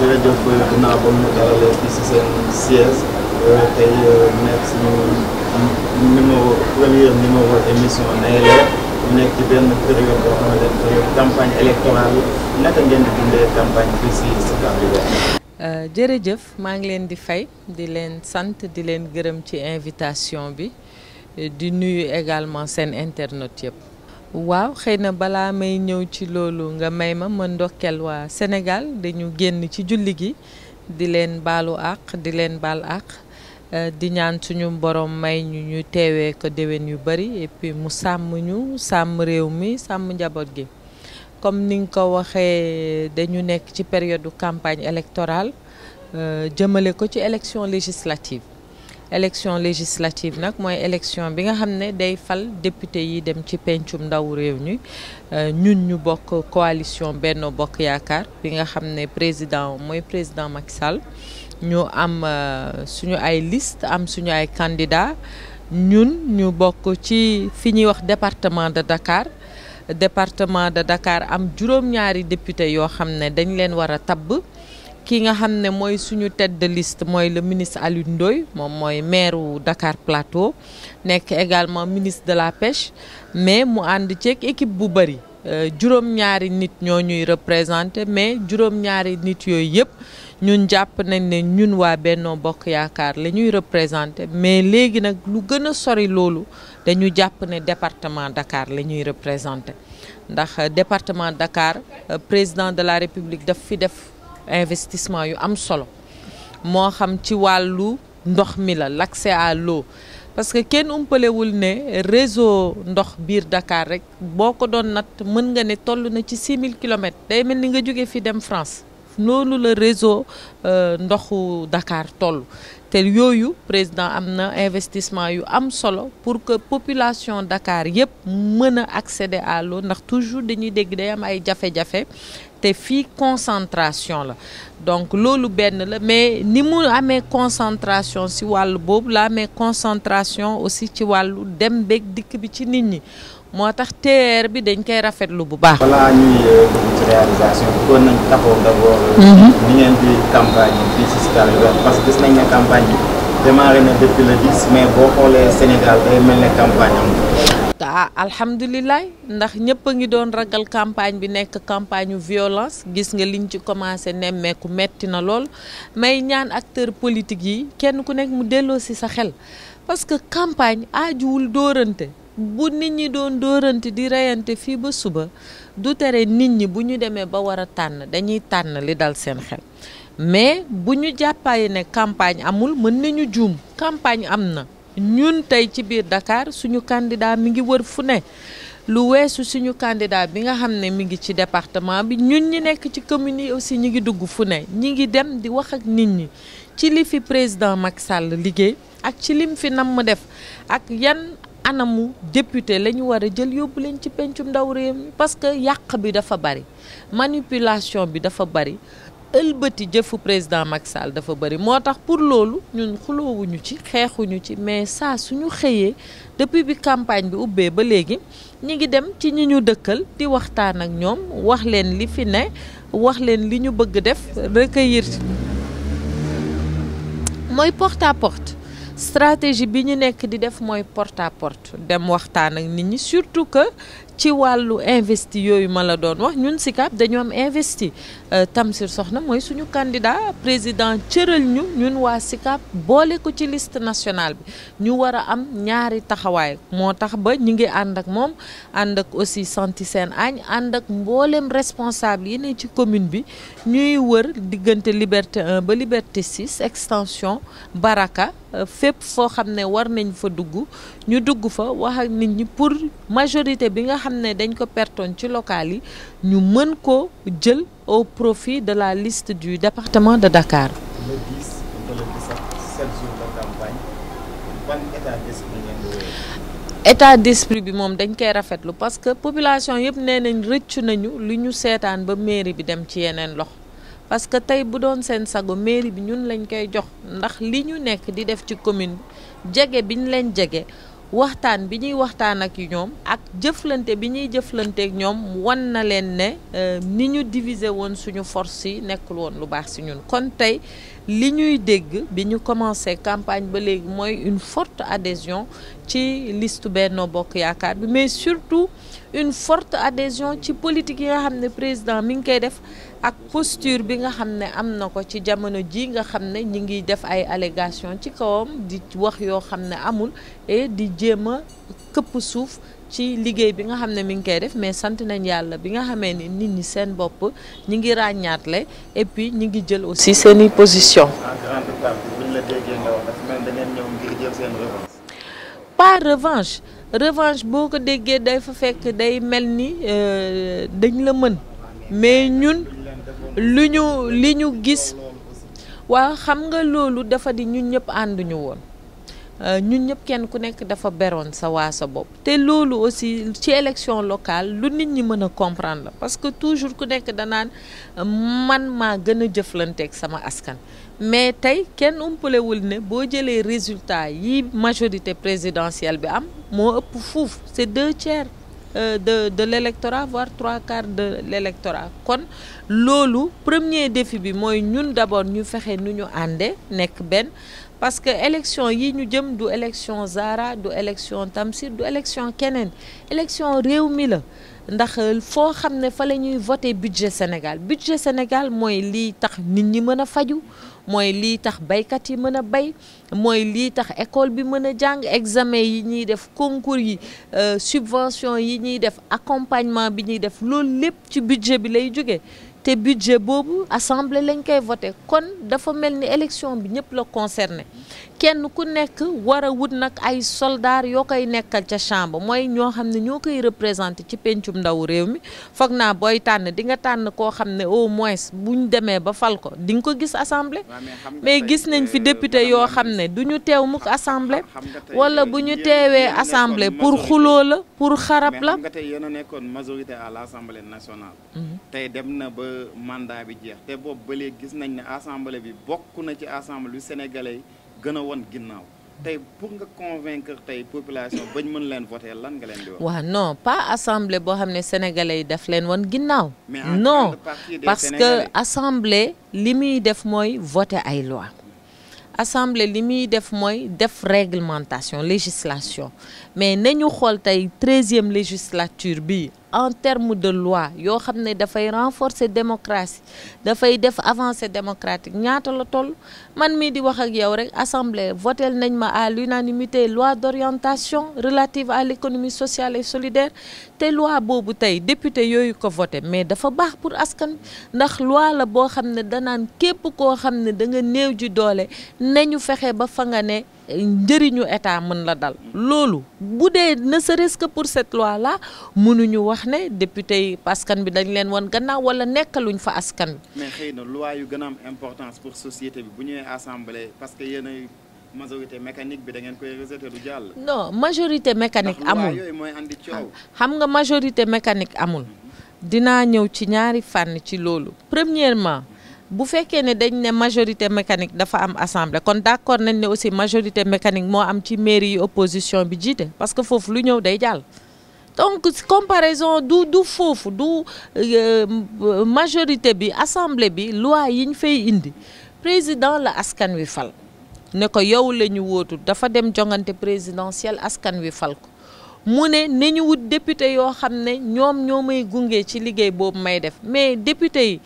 jërëjëf euh, euh, euh, jërëjëf maa ngi leen di fay di leen sant di leen gërëm ci invitation bi di nuyu également seen internet yëpp. waaw xëy na balaa may ñëw ci loolu nga may ma ma ndokkeel waa Sénégal dañu génn ci julli gi di leen baalu àq di leen baal àq euh, di ñaan suñu borom may ñu ñu teewee ko déwén yu bari et puis mu sàmm ñu sàmm réew mi sàmm njaboot gi comme ni nga ko waxee dañu nekk ci période du campagne électorale euh, jëmale ko ci élection législative élection législative nag mooy élection bi nga xam ne day fal député yi dem ci pencum ndawu réew ñi euh, ñun ñu bokk coalition Benno Bokk Yaakaar bi nga xam ne président mooy président Macky Sall ñu am euh, suñu ay list am suñu ay candidat ñun ñu bokk ci fi ñuy wax département de Dakar département de Dakar am juróom-ñaari député yoo xam ne dañ leen war a tabb ki nga xam ne mooy suñu tête de liste mooy le ministre Alioune Ndoye moom mooy maireu Dakar Plateau nekk également ministre de la pêche mais mu ànd ceeg équipe bu bëri euh, juróom-ñaari nit ñoo ñuy représenté mais juróom-ñaari nit yooyu yëpp ñun jàpp nañ ne ñun waa Benno Bokk Yaakaar la ñuy représenté mais léegi nag lu gën a sori loolu dañu jàpp ne département Dakar la ñuy représenté ndax euh, département Dakar euh, président de la République daf fi def investissement yu am solo moo xam ci wàllu ndox mi la l'accès à lo parce que kenn umpalewul ne réseau ndox biir Dakar rek boo ko doon nat mën nga ne toll na ci 6000 kilomètres day mel ni nga jóge fi dem France noonu la réseau euh, ndoxu Dakar toll te yooyu président am na investissement yu am solo pour que population Dakar yëpp mën a accéder à l'eau ndax toujours dañuy dégg day am ay jafe-jafe te fii concentration la donc loolu benn la mais ni mu amee concentration ci wàllu boobu la amee concentration aussi ci wàllu dem beeg dikk bi ci nit ñi moo tax TER bi dañ koy rafetlu bu baax. balaa ñuy euh, ci réalisation bi kon nañ taxaw d'abord. Euh, mhm. ni ngeen di campagne fii ci Sicap Liberté parce que gis nañ ne campagne bi démarré na depuis le 10 mais boo xoolee Sénégal day mel ne campagne am. ah alhamdulilah ndax ñëpp a ngi doon ragal campagne bi nekk campagne violence gis nga li ñu ci commencé nemmeeku metti na lool may ñaan acteur politiques yi kenn ku nekk mu delloo si sa xel parce que campagne aajuwul dóorante bu nit ñi doon dóorante di reyante fii ba suba du tere nit ñi bu ñu demee ba war a tànn dañuy tànn li dal seen xel mais bu ñu jàppaay ne campagne amul mën nañu juum campagne am na ñun tey ci biir Dakar suñu candidat mi ngi wër fu ne lu weesu suñu candidat bi nga xam ne mi ngi ci département bi ñun ñi nekk ci communes yi aussi ñi ngi dugg fu ne ñi ngi dem di wax ak nit ñi ci li fi président Macky sàll liggéey ak ci lim fi nam def ak yan anamu député la ñu war a jël yóbbu leen ci pencum ndaw réew mi parce que yàq bi dafa bari manipulation bi dafa bari ëlbati jëfu président Macky Sall dafa bari moo tax pour loolu ñun xuloowuñu ci xeexuñu ci mais saa suñu xëyee depuis bi campagne bi ubbee ba léegi ñi ngi dem ci ñi ñu dëkkal di waxtaan ak ñoom wax leen li fi ne wax leen li ñu bëgg def recueillir mooy porte à porte stratégie bi ñu nekk di def mooy porte à porte dem waxtaan ak nit ñi surtout que ci wàllu investi yooyu ma la doon wax ñun SICAP dañu am investi euh, Tamsir Soxna mooy suñu candidat président cëral ñu ñun waa SICAP boole ko ci liste national bi ñu war a am ñaari taxawaay moo tax ba ñu ngi ànd ak moom ànd ak aussi santi seen añ ànd ak mboolem responsable yi ne ci commune bi ñuy wër diggante liberté 1 ba liberté 6 extension Baraka euh, fépp foo xam ne war nañ fa dugg ñu dugg fa wax ak nit ñi pour majorité bi nga xam ne dañ ko pertoon ci local yi ñu mën ko jël au profit de la liste du département de Dakar. état d'esprit bi moom dañ koy rafetlu parce que population yëpp nee nañ rëccu nañu li ñu seetaan ba mairie bi dem ci yeneen loxo. parce que tey bu doon seen sago mairie bi ñun lañ koy jox ndax li ñu nekk di def ci commune bi jege biñ leen jege waxtaan bi ñuy waxtaan ak ñoom ak jëflante bi ñuy jëflante ak ñoom wan na leen ne euh, ni ñu diviser woon suñu force yi nekkul woon lu baax si ñun kon tey li ñuy dégg bi ñu commencé campagne ba léegi mooy une forte adhésion ci liste Benno Bokk Yaakaar bi mais surtout une forte adhésion ci politique yi nga xam ne président mi ngi koy def ak posture bi nga xam ne am na ko ci jamono ji nga xam ne ñi ngi def ay allégation ci kawam di wax yoo xam ne amul di jéem a këpp suuf ci liggéey bi nga xam ne mi ngi koy def mais sant nañ yàlla bi nga xamee ni nit ñi seen bopp ñi ngi ràññaatle et puis ñi ngi jël aussi seeni position pas revanche revanche boo ko déggee day fa fekk day mel ni euh, dañ la mën mais ñun lu ñu li ñu gis waa xam nga loolu dafa di ñun ñëpp ànduñu woon euh, ñun ñëpp kenn ku nekk dafa beroon sa waa sa bopp te loolu aussi ci élection locale lu nit ñi mën a comprendre parce que toujours ku nekk danaan man maa gën a jëflante ak sama askan mais tey kenn umpalewul ne boo jëlee résultat yi majorité présidentielle bi am moo ëpp fuuf c'est deux tiers Euh, de de l'électorat voire trois quarts de l'électorat kon loolu premier défi bi mooy ñun d'abord ñu fexe nu ñu àndee nekk benn parce que élection yi ñu jëm du élection zara du élection Tamsir du élection keneen élection réew mi la ndax euh, foo xam ne fa la ñuy voter budget Sénégal budget Sénégal mooy liy tax nit ñi mën a faju mooy lii tax baykat yi mën a bay mooy lii tax école bi mën a jàng examen yi ñuy def concours yi euh, subvention yi ñuy def accompagnement bi ñuy def loolu lépp ci budget bi lay jóge te budget boobu assemblée lañ koy voté kon dafa mel ni élection bi ñëpp la concerné kenn ku nekk war a wut nag ay soldats yoo koy nekkal ca chambre mooy ñoo xam ne ñoo koy représenté ci pencum ndaw réew mi foog naa booy tànn di nga tànn koo xam ne au moins buñ demee ba fal ko di nga ko gis assemblée mais gis nañ fi euh, député yoo xam ne du ñu teew mukk assemblée wala bu ñu teewee assemble pour xuloo la pour xarab la. mais yéen a nekkoon majorité à l'assemblée nationale. Mhm. mandat bi jeex te boobu ba léegi gis nañ ne assemblée bi bokk na ci assemblée bi sénégalais yi gën a won ginnaaw tey pour nga convaincre tey population bañ mën leen voter lan nga leen di wax. waaw non pas assemblée boo xam ne sénégalais yi daf leen won ginnaaw. non parce que assemblée li muy def mooy voter ay loi assemblée li muy def mooy def réglementation législation mais nañu xool tey treizième législature bi en terme de loi yoo xam ne dafay renforcer démocratie dafay def avancée démocratique ñaata la toll man mii di wax ak yow rek assemblée votel nañ ma à l'unanimité loi d'orientation relative à l'économie sociale et solidaire te loi boobu tey député yooyu ko voté mais dafa baax pour askan ndax loi la boo xam ne danaan képp koo xam ne da nga néew ji doole ñu fexe ba fa nga ne njëriñu état mën la dal loolu bu dee ne serait-ce que pour cette loi là mënuñu wax ne député yi paskan bi dañ leen woon gannaaw wala nekkaluñ fa askan bi mais xëy na loi yu gën a am importance pour société bi bu ñëwee assemblée parce que yéen ay majorité mécanique bi da ngeen koy rejeté du jàll. non majorité mécanique amul yooyu mooy andi xam nga majorité mécanique amul dinaa ñëw ci ñaari fànn ci loolu premièrement bu fekkee ne dañ ne majorité mécanique dafa am assemblée kon d'accord nañ ne aussi majorité mécanique moo am ci mairie yi opposition bi jiite parce que foofu lu ñëw day jàll. donc comparaison du du foofu du euh, majorité bi assemblée bi loi yi ñu fay indi président la askan wi fal ne ko yow la ñu wóotu dafa dem jongante présidentielle askan wi fal ko. mu ne nañu wut député yoo xam ne ñoom ñoo may gunge ci liggéey boobu may def mais député yi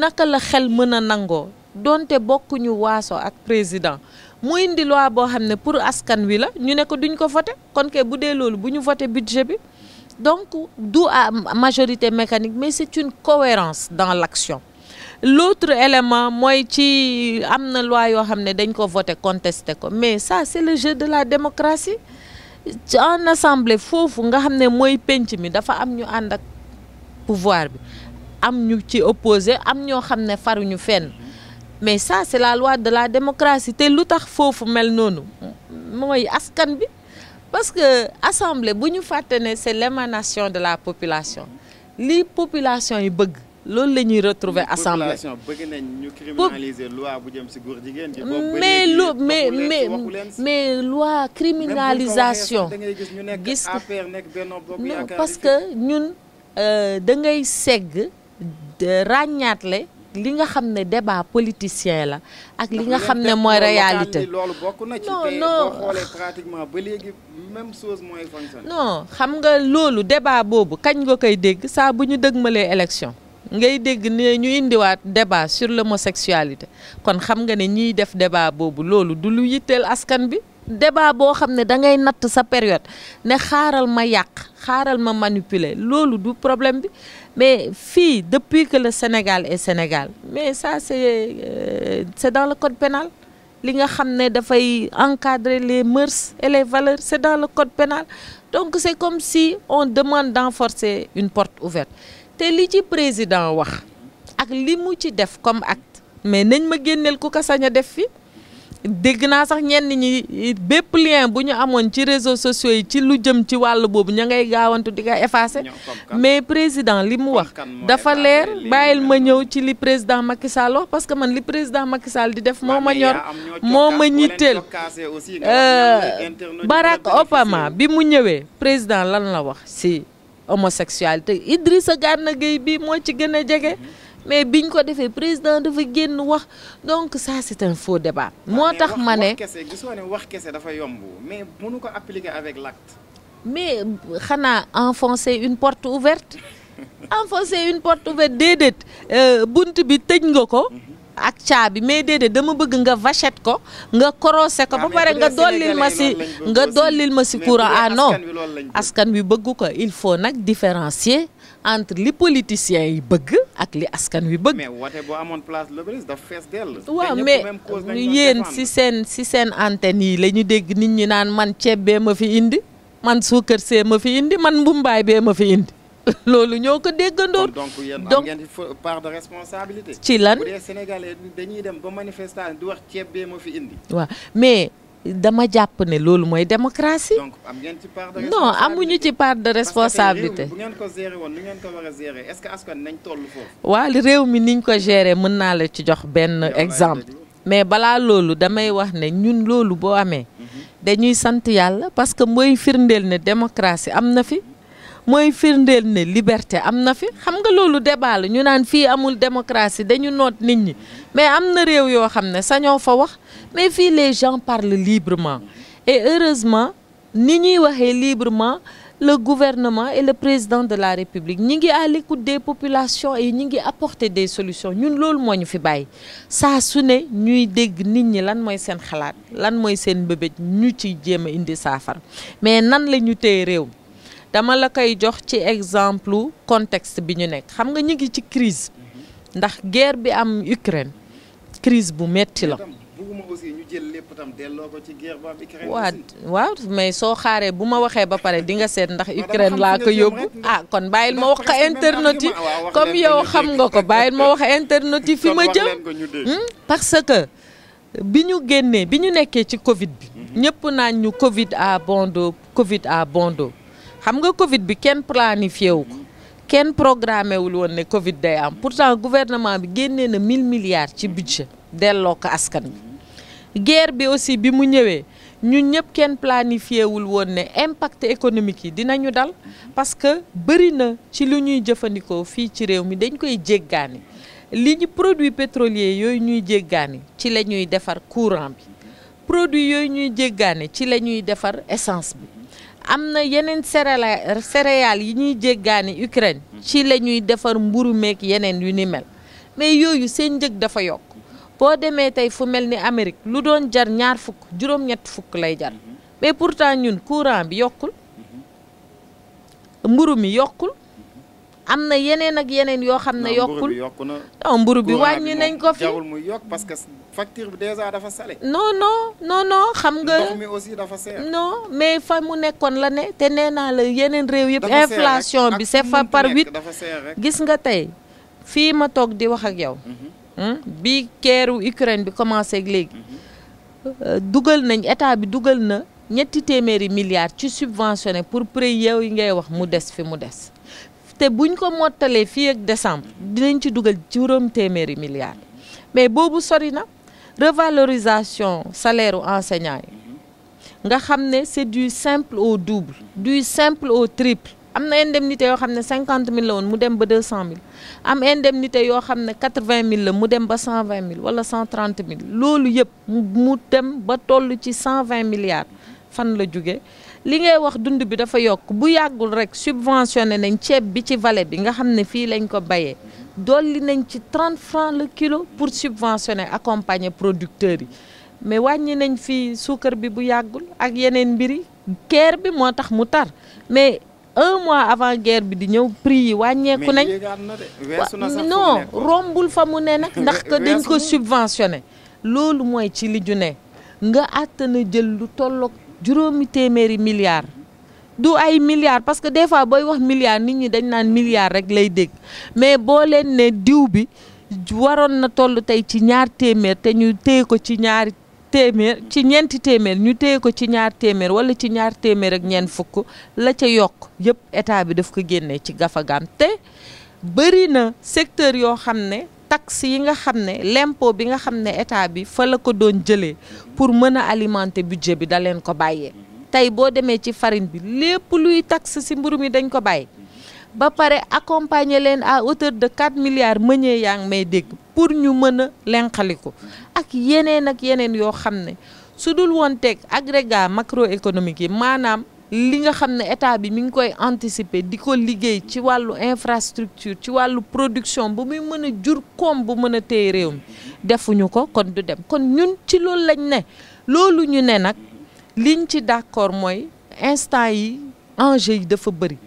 naka la xel mën a nangoo donte bokkuñu waaso ak président mu indi loi boo xam ne pour askan wi la ñu ne ko duñ ko voté kon kay bu dee loolu bu ñu voté budget bi donc du am majorité mécanique mais c'est une cohérence dans l'action l'autre élément mooy ci am na loi yoo xam ne dañ ko vote contesté ko mais ça c'est le jeu de la démocratie en assemblée foofu nga xam ne mooy penc mi dafa am ñu ànd ak pouvoir bi am ñu ci opposé am ñoo xam ne faruñu fenn mais ça c'est la loi de la démocratie te lu tax foofu mel noonu mooy askan bi parce que assemblée bu ñu fàtte ne c'est l'émanation de la population li population yi bëgg loolu la ñuy retrouver assemblée bëgg nañ ñu criminaliser loi bu jëm ci góor jigéen mais lu mais mais mais loi criminalisation gis non parce que ñun euh, da ngay segg ràññaatle li nga xam ne débat politicien la ak li nga xam ne mooy réalité loolu bokk na ci non ba léegi même chose mooy fonctionne xam nga loolu débat boobu kañ nga koy dégg saa bu ñu dëgmalee élection ngay dégg ne ñu indiwaat débat sur l'homosexualité kon xam nga ni ñiy def débat boobu loolu du lu yitteel askan bi débat boo xam ne da ngay natt sa période ne xaaral ma yàq xaaral ma manipuler loolu du problème bi mais fii depuis que le Sénégal et Sénégal mais ça c'est euh, c'est dans le code pénal li nga xam ne dafay encadrer les mœurs et les valeurs c'est dans le code pénal donc c'est comme si on demande d'enforcer une porte ouverte te li ci président wax ak li mu ci def comme acte mais nañ ma génneel ku ko sañ def fi dégg naa sax ñenn ñi bépp lien bu ñu amoon ci réseaux sociaux yi ci lu jëm ci wàll boobu ña ngay gaawantu di ko effacer mais président li mu wax dafa leer bàyyil ma ñëw ci li président Macky Sall wax parce que man li président Macky Sall di def moo ma ñor moo ma ñitteel euh, Barack Obama bi mu ñëwee président lan la wax si homosexualité Idrissa Gana Gueye bi moo ci gën a jege mhm. mais bi ñu ko defee président dafa génn wax donc ça c'est un faux débat. Ah, moo tax ma ne wax gisoo ne wax kese dafa yomb mais mënu ko appliquer avec l'acte. mais xanaa enfoncer une porte ouverte enfoncer une porte ouverte déedéet euh, bunt bi tëj nga ko. Mhm. ak caabi mais déedéet dama bëgg nga vachette ko nga korose ko ba pare nga dollil ma si nga dollil ma si courant ah non askan wi bëgg ko il faut nag différencier entre li politiciens yi bëgg ak li askan wi bëgg. woote boo amoon place la bëri dafa fees dell. waaw mais yéen si seen si seen antenne yi la ñu dégg nit ñi naan man ceeb bee ma fi indi man suukar see ma fi indi man mbumbaay bee ma fi indi. loolu ñoo ko déggandoo. donc yéen am ngeen part de ci lan bu dañuy dem ba manifestation di wax ceeb bee ma fi indi. mais dama jàpp ne loolu mooy démocratie. donc am ngeen amuñu ci part de responsabilité. parce ko gérer woon nu ngeen ko war a gérer est-ce que toll foofu. waa réew mi niñ ko gérer mën naa la ci jox benn exemple. mais balaa loolu damay wax ne ñun loolu boo amee. Mhm. dañuy sant yàlla parce que mooy firndeel ne démocratie am na fi. mooy firndeel ne liberté am na fi xam nga loolu débat la ñu naan fii amul démocratie dañu noot nit ñi mais am na réew yoo xam ne sañoo fa wax mais fii les gens parlent librement et heureusement ni ñuy waxee librement le gouvernement et le président de la république ñi ngi à l'écoute des populations et ñi ngi apporter des solutions ñun loolu moo ñu fi bàyyi saa su ne ñuy dégg nit ñi lan mooy seen xalaat lan mooy seen mbébét ñu ci jéem a indi saafara mais nan la ñu téye réew dama la koy jox ci exemple contexte bi ñu nekk xam nga ñu ngi ci crise ndax guerre bi am Ukraine crise bu metti la waaw waaw mais soo xaaree bu ma waxee ba pare di nga seet ndax Ukraine laa ko yóbbu ah kon bàyyil ma wax internet yi comme yow xam nga ko bàyyil ma wax internet yi fi ma jëm hmm? parce que bi ñu génnee bi ñu nekkee ci Covid bi mhm. ñëpp naa ñu Covid à bon dos Covid à bon xam nga Covid bi kenn planifié wu ko kenn programmé wul woon ne Covid day am pourtant gouvernement bi génnee na 1000 milliards ci budget delloo ko askan bi guerre bi aussi bi mu ñëwee ñu ñëpp kenn planifié wul woon ne impact économique yi dinañu dal parce que bëri na ci lu ñuy jëfandikoo fii ci réew mi dañ koy jéggaani li ñu produit pétrolier yooyu ñuy jéggaani ci la ñuy defar courant bi produit yooyu ñuy jéggaane ci la ñuy defar essence bi am na yeneen céréales céréales yi ñuy jéggaani Ukraine ci lañuy defar mburu meeg yeneen yu ni mel mais yooyu seen njëg dafa yokk boo demee tey fu mel ni Amérique lu doon jar ñaar fukk juróom-ñett fukk lay jar mhm. mais pourtant ñun courant bi yokkul mburu mi yokkul am na yeneen ak yeneen yoo xam ne yokkul non mburu bi wàññi nañ ko fi jarul muy yokk parce que facture bi déjà dafa salé non non non non xam nga ndox mi aussi dafa seer non mais fa mu nekkoon la ne te nee naa la yeneen réew yëpp inflation bi c'est fa par huit gis nga tey fii ma toog di wax ak yow mhm. hmm, bi keeru Ukraine bi commencé léegi mhm. euh, dugal nañ état bi dugal na ñetti téeméeri milliards ci subventionné pour prix yow yi ngay wax mu des fi mu des te bu buñ ko mottalee fii ak décembre dinañ ci dugal juróom téeméeri milliards mais boobu sori na revalorisation salaire u yi nga xam ne c'est du simple au double du simple au am na indemnité yoo xam ne cinquante mille la woon mu dem ba deux cent mille am indemnité yoo xam ne quatre vingt mille la mu dem ba cent vingt mille wala cent mille loolu yëpp mu dem ba toll ci cent vingt milliards fan la jóge li ngay wax dund bi dafa yokk bu yàggul rek subventionné nañ ceeb bi ci vale bi nga xam ne fii lañ ko bayee dolli nañ ci 30 francs le kilo pour subventionner accompagner producteur yi mais wàññi nañ fii suukar bi bu yàggul ak yeneen mbir yi guerre bi moo tax mu tar mais un mois avant guerre bi di ñëw prix yi wàññeeku nañ non rombul fa mu ne nag ndax que dañ ko subventionné loolu mooy ci li ju ne nga àttana jël lu tollook juróomi téeméeri milliards du ay milliards parce que des fois booy wax milliards nit ñi dañ naan milliards rek lay dégg mais boo leen ne diw bi waroon na toll tey ci ñaar téeméer te ñu téye ko ci ñaar téeméer ci ñeenti téeméer ñu téye ko ci ñaar téeméer wala ci ñaar téeméer ak ñeent fukk la ca yokk yëpp état bi daf ko génnee ci gafagaam te bëri na secteur yoo xam ne taxe yi nga xam ne l'impôt bi nga xam ne état bi fa la ko doon jëlee pour mën a alimenter budget bi da leen ko bàyyee tey boo demee ci farine bi lépp luy taxe si mburu mi dañ ko bàyyi ba pare accompagner leen à hauteur de 4 milliards meññee yaa ngi may dégg pour ñu mën a ko ak yeneen ak yeneen yoo xam ne su dul woon teg macro macroéconomique yi maanaam li nga xam ne état bi mi ngi koy anticiper di ko liggéey ci wàllu infrastructure ci wàllu production bu muy mën a jur koom bu mën a téye réew mi defuñu ko kon du dem kon ñun ci loolu lañ ne loolu ñu ne nag liñ ci d'accord mooy instant yi enjeu yi dafa bëri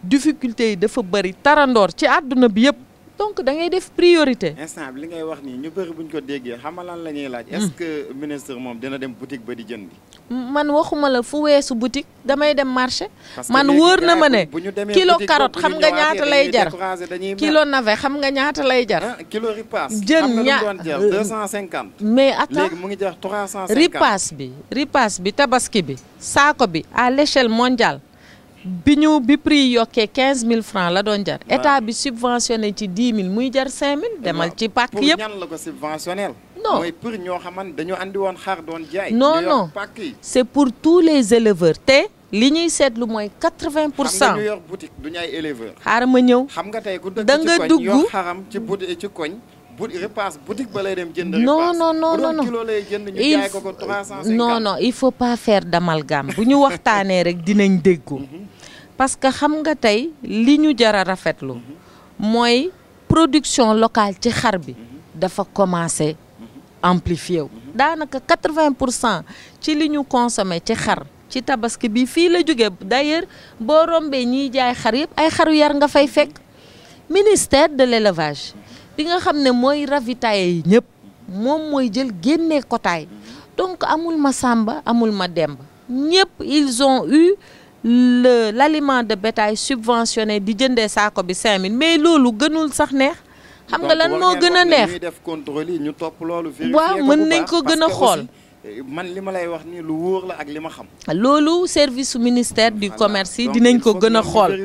difficulté yi dafa bëri tarandoor ci àdduna bi yëpp donc da ngay def priorité. instant li ngay wax nii ñu bëri buñ ko déggee xam nga lan la ñuy laaj. est ministre moom dina dem boutique ba di jëndi. man waxuma la fu weesu boutique damay dem marché. man wóor na ma ne. kilo carotte xam nga ñaata lay jar. kilo navet xam nga ñaata lay jar. Ah, kilo ripaas. jën ña euh, deux cent cinquante. mais attends léegi mu ngi jar trois cent cinquante. ripaas bi ripaas bi tabaski bi saako bi à l'échelle mondial bi ñu bi prix yokkee quinze mille francs la doon jar. état bi subventionné ci dix mille muy jar cinq mille. demal ci pàkk yëpp pour ñan la ko subventionnel. non ñoo xamante dañu andi woon xar doon jaay. non non c' pour tous les éleveurs te. li ñuy seetlu mooy quatre vingt pour cent yor boutique du ñu ma ñëw xam nga tey ku dëkk da nga dugg yor xaram ci boutique ci jënd. non non non non bu kilo lay jënd ñu jaay ko il faut pas faire d'amalgame bu ñu waxtaanee rek dinañ déggoo. Mhm. parce que xam nga tey li ñu jar a rafetlu mooy production locale ci xar bi dafa commencé amplifié wu. daanaka quatre-vingt pour cent ci li ñu consommé ci xar ci tabaski bi fii la jóge d'ailleurs boo rombee ñiy jaay xar yëpp ay xaru yar nga fay fekk ministère de l'élevage bi nga xam ne mooy ravitailler yi ñëpp moom mooy jël génne kotaay donc amul ma sàmba amul ma demb ñëpp ils ont eu le l'aliment de bétail subventionné di jëndee saako bi 5000 mais loolu gënul sax neex. xam nga lan moo gën a neex def contrôle ñu topp loolu. waaw mën nañ ko gën a xool. Eh, man li ma lay wax nii lu wóor la ak li ma xam. loolu service ministère du commerce yi dinañ ko gën a xool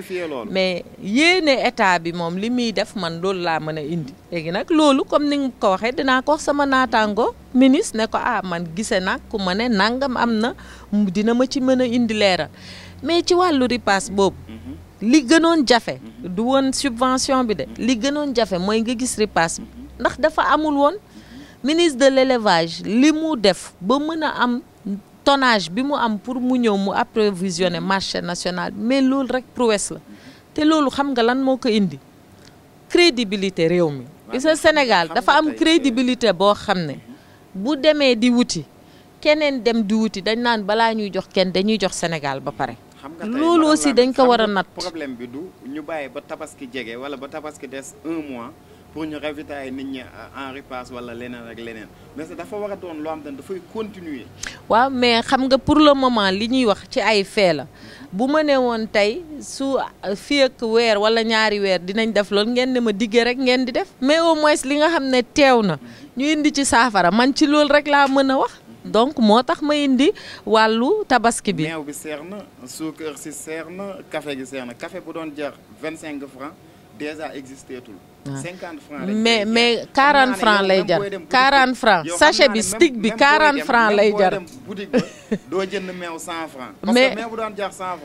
mais yéene état bi moom li muy def man loolu laa mën a indi. léegi nag loolu comme ni nga ko waxee dinaa ko wax sama naataango ministre ne ko ah man gise nag ku ma ne nangam am na dina ma ci mën a indi leeral. mais ci wàllu ripaas boobu mhm. li gënoon jafe mhm. du woon subvention bi de mhm. li gënoon jafe mooy nga gis ripaas bi ndax dafa amul woon ministre de l'élevage li mu def ba mën a am tonnage bi mu am pour mu ñëw mu approvisionner marché nationale mais loolu rek prouesse la te loolu xam nga lan moo ko indi crédibilité réew mi gis Sénégal dafa am crédibilité boo xam ne bu demee di wuti keneen dem di wuti dañ naan balaa ñuy jox kenn dañuy jox Sénégal ba pare loolu aussi dañ ko war a natt problème bi du ñu bàyyi ba tabaski jege wala ba tabaski des un mois pour ñu ravitailler nit ñi euh, en repas wala leneen ak leneen mais dafa war a doon loo xam ne dafay continuer. waaw mais xam nga pour le moment li ñuy wax ci ay fee la bu ma ne woon tey su euh, fii ak weer wala ñaari weer dinañ def loolu ngeen ne ma digg rek ngeen di def mais au moins li nga xam ne teew na ñu indi ci saafara man ci loolu rek laa mën a wax. donc moo tax ma indi wàllu tabaski bi. meew bi seer na suukar si seer na café gi seer na café bu doon jar vingt cinq francs déjà existeetul. Ah. cinquante francs lay mais mais quarante francs lay jar quarante francs sachet bi stick bi quarante francs lay jar. doo jënd meew cent francs. mais parce bu doon jar cent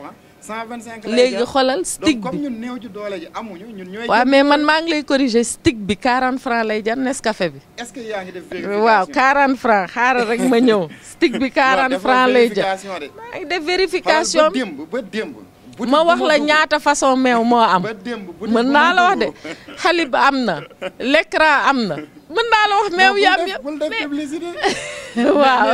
125 lay léegi xoolal stick bi donc néew ci doole ji amuñu ñun ñooy. waaw mais man maa ngi lay corriger stick bi 40 francs lay jar Nescafé bi. est-ce que yaa ngi def waaw 40 francs xaaral rek ma ñëw. stick bi 40 francs lay jar maa ngi def vérification bi ba démb ma wax la ñaata façon meew moo am. mën naa la wax de xalib am na lekra am na. mën naa la wax meew yaa am yëpp mais waaw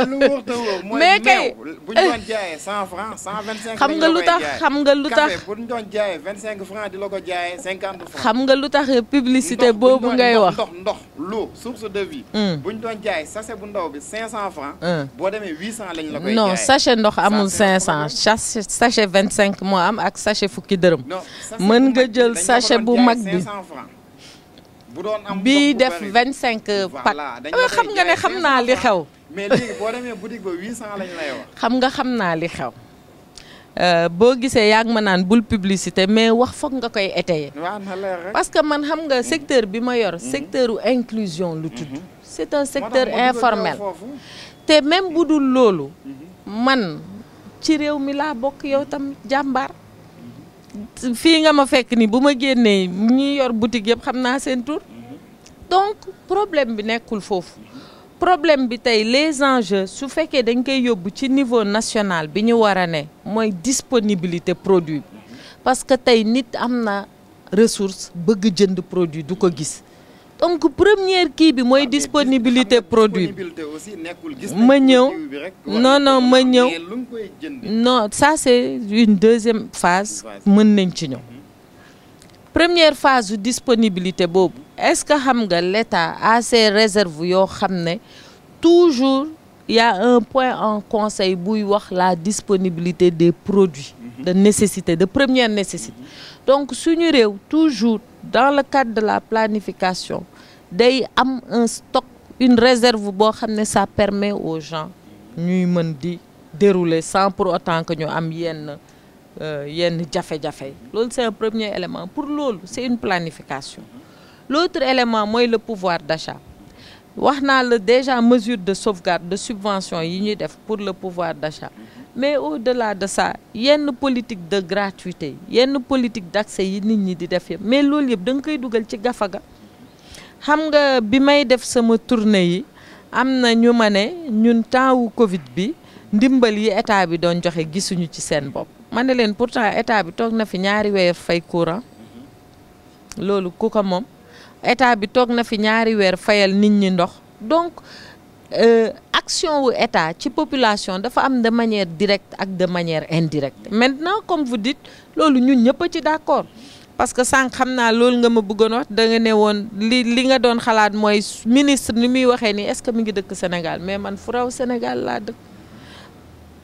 mais kay bu ñu jaayee cent franc cent vingt cinq xam nga lu tax xam nga lu tax bu doon jaayee vingt cinq franc di la ko jaayee cinquante franc nga lu tax publicité boobu ngay wax ndox ndox l'eau source de vie hmm. bu ñu doon jaayee sachet bu ndaw bi cent franc hmm. boo demee huit la koy jaayee non sachet ndox amul cinq cent sachet vingt cinq moo am ak sachet fukki dërëm mën nga jël sachet bu mag bi bii def vingt cinq pat xam nga ne xam naa li xew. mais léegi boo demee boutique xam nga xam naa li xew. Euh, boo gisee yaa ngi ma naan bul publicité mais wax foog nga koy étayer. parce que man xam nga mhm. secteur bi ma yor. Mhm. secteur inclusion lu tudd. Mhm. c'est un secteur informel. te même bu dul loolu. man ci réew mi laa bokk yow tam jàmbaar. fii nga ma fekk nii bu ma génnee ñi yor boutique yëpp xam naa seen tur donc problème bi nekkul foofu problème bi tey les enjeux su fekkee dañ koy yóbbu ci niveau national bi ñu war a ne mooy disponibilité produit parce que tey nit am na ressource bëgg jënd produit du ko gis donc première kii bi mooy ah, disponibilité produit ma ñëw no non ma ñëw non ça c'est une deuxième phase mën nañ ci ñëw mhm. première phase disponibilité boobu est-ce que xam nga l'État a ses réserves yoo xam ne toujours il y un point en conseil buy wax la disponibilité des produits mhm. de nécessité de première nécessité mhm. donc suñu réew toujours dans le cadre de la planification day am un stock une réserve boo xam ne ça permet aux gens ñuy mën di dérouler sans pour autant que ñu am yenn euh, yenn jafe-jafe loolu c'est un premier élément pour loolu c'est une planification l'autre élément mooy le pouvoir d'achat wax naa la déjà mesure de sauvegarde de subvention yi ñuy def pour le pouvoir d'achat mais au-delà de ça yenn politique de gratuité yenn politique d'accès yi nit ñi di def yëpp mais loolu yëpp danga nga koy dugal ci gafaga xam nga bi may def sama tournée yi am na ñu ma ne ñun temps wu Covid bi ndimbal yi état bi doon joxe gisuñu ci seen bopp ma ne leen pourtant état bi toog na fi ñaari weer fay courant loolu ku ko moom état bi toog na fi ñaari weer fayal nit ñi ndox donc. Euh, action wu état ci population dafa am de manière direct ak de manière indirecte maintenant comme vous dites loolu ñun ñëpp a ci d'accord parce que sànq xam naa loolu nga ma bëggoon wax da ne woon li li nga doon xalaat mooy ministre ni muy waxee nii est-ce que mi ngi dëkk Sénégal mais man fu raw Sénégal laa dëkk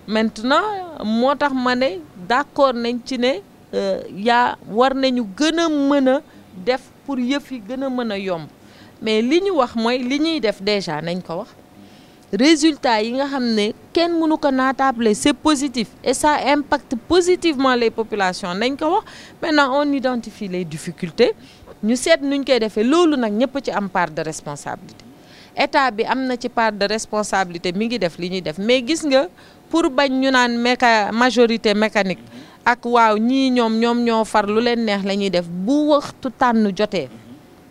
maintenant moo tax ma ne d'accord nañ ci ne euh, yaa war nañu gën a mën a def pour yëf yi gën a mën a yomb mais li ñu wax mooy li ñuy def déjà nañ ko wax résultat yi nga xam ne kenn mënu ko naatable c' est positif et ça impacte positivement les populations nañ ko wax maintenant on identifie les difficultés ñu seet nuñ koy defee loolu nag ñëpp ci am part de responsabilité état bi am na ci part de responsabilité mi ngi def li ñuy def mais gis nga pour bañ ñu naan méca majorité mécanique ak waaw ñii ñoom ñoom ñoo far lu leen neex la ñuy def bu waxtu tànn jotee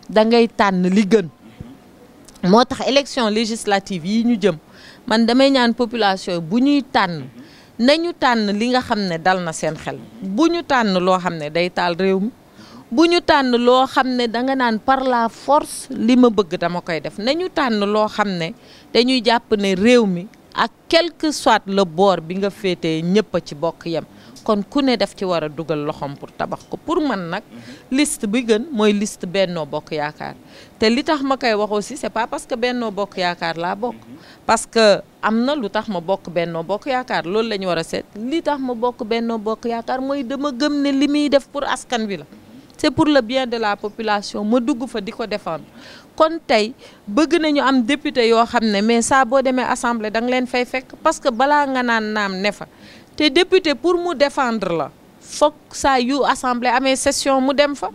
da ngay tànn li gën. moo tax élection législative yi ñu jëm man damay ñaan population bu ñuy tànn nañu tànn li nga xam ne dal na seen xel bu ñu tànn loo xam ne day taal réew mi bu ñu tànn loo xam ne danga naan par la force li ma bëgg dama koy def nañu tànn loo xam ne dañuy jàpp ne réew mi ak quelque que soit le boor bi nga féetee ñëpp a ci bokk yem kon ku ne def ci war a dugal loxoom pour tabax ko pour man nag mhm. liste bi gën mooy liste Bennoo Bokk Yaakaar te li tax ma koy wax aussi c'est pas parce que Bennoo Bokk Yaakaar laa bokk mhm. parce que am na lu tax ma bokk Bennoo Bokk Yaakaar loolu la ñu war a seet li tax ma bokk Bennoo Bokk Yaakaar mooy dama gëm ne li muy def pour askan bi la mhm. c'est pour le bien de la population ma dugg fa di ko défendre kon tey bëgg nañu am député yoo xam ne mais saa boo demee assemblée da nga leen fay fekk parce que balaa nga naan naam ne fa te député pour mu défendre la foog saa yu assemblée amee session mu dem fa